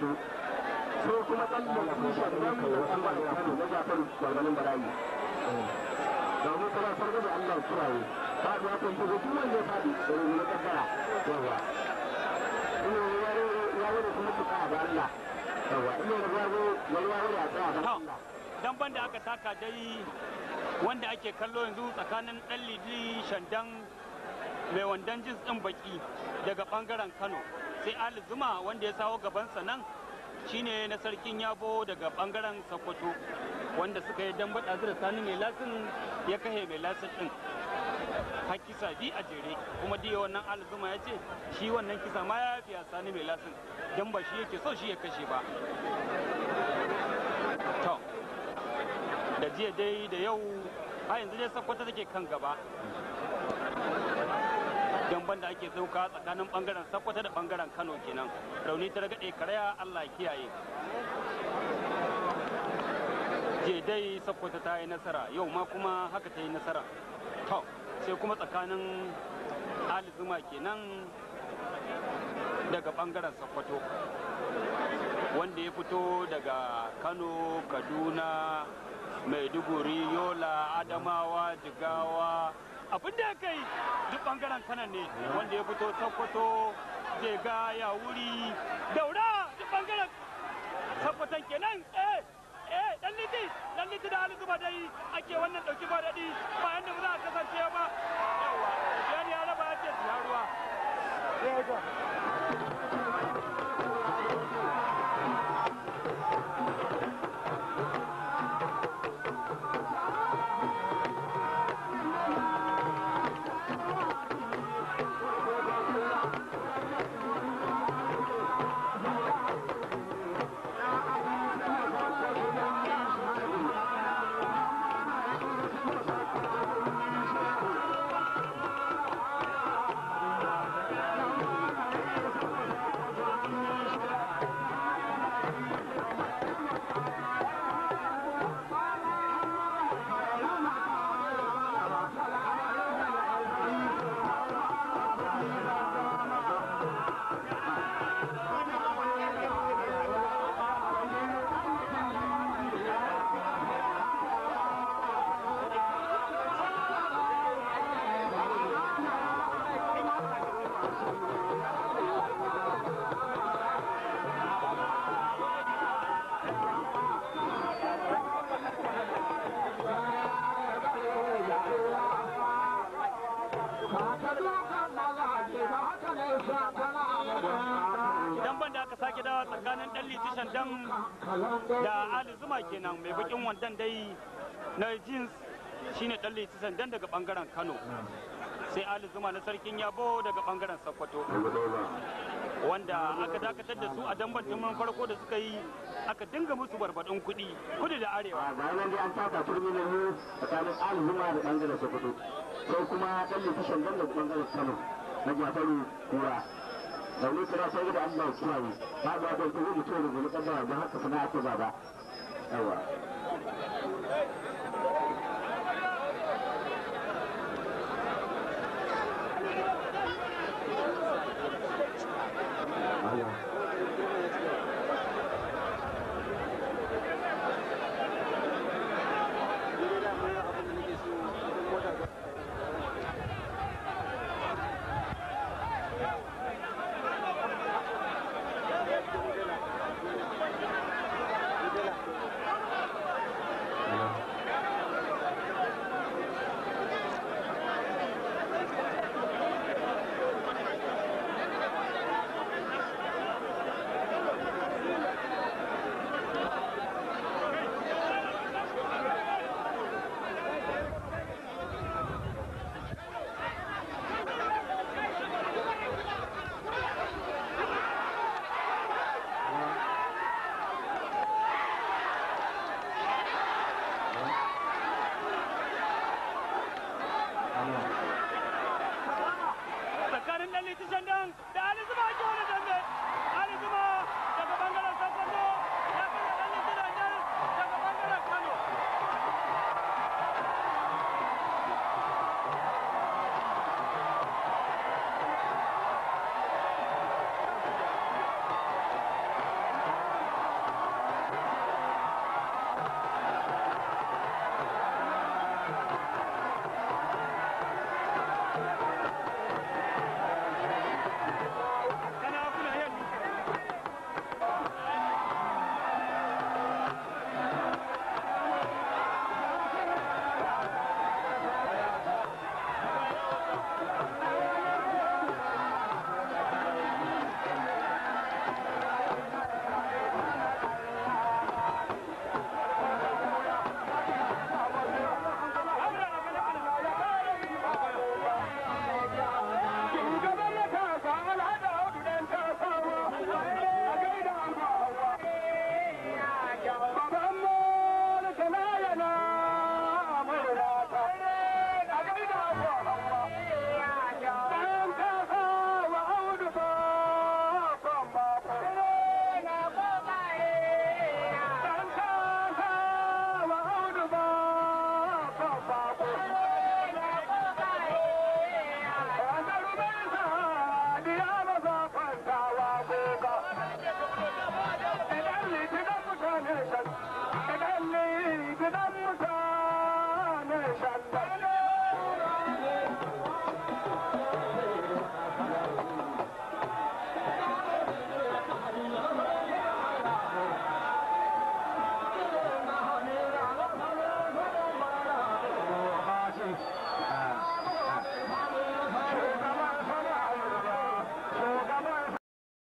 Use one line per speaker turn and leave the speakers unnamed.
hudu da ba da na kuma farko da allah ba da ya faɗi da na yawa ina ya kuma da allah yawa ina da
ya tsaya da dan ban da aka taka dai wanda ake kallo yanzu tsakanin ɗan lidi shandan mai wandan jins ɗin baki daga ɓangaren kano sai ali zuma wanda ya sawo gabansa nan shine na sarkin yabo daga bangaren sokoto wanda suka yi damba da sani mai lasin ya kahe mai lasin din hakisa bi a jere kuma diya wannan alzuma ya ce shi wannan kisa ma ya fi sani mai lasin dan ba shi yake so shi ya kashe ba to da jiya dai da yau a yanzu dai sokoto take kan gaba damban da ake sauka tsakanin bangaren sakwata da bangaren kano kenan rauni ta ragaɗe karaya allah kiyaye je dai sakwata ta yi nasara yau ma kuma haka ta yi nasara to sai kuma tsakanin ali zuma kenan daga bangaren sakwato wanda ya fito daga kano kaduna maiduguri yola adamawa jigawa abin da ya kai duk bangaren kanan ne wanda ya fito sokoto zai ya wuri
daura duk bangaren sokoton kenan eh dan da
ali zuma kenan mai bakin wandan dai na jeans shine dan liti sandan daga bangaren kano sai ali zuma na sarkin yabo daga bangaren sokoto wanda aka dakatar da su a damban timin farko da suka yi aka dinga musu barbadin kudi kudi da arewa ga nan dai an
taka turmi ne a tsakanin ali zuma da bangaren sokoto sai kuma dan liti sandan daga bangaren kano na jafaru kura launi sura sai da Allah ya kiyaye ba ba da ku mutum da ne kada ba haka sana'a ta baba yawa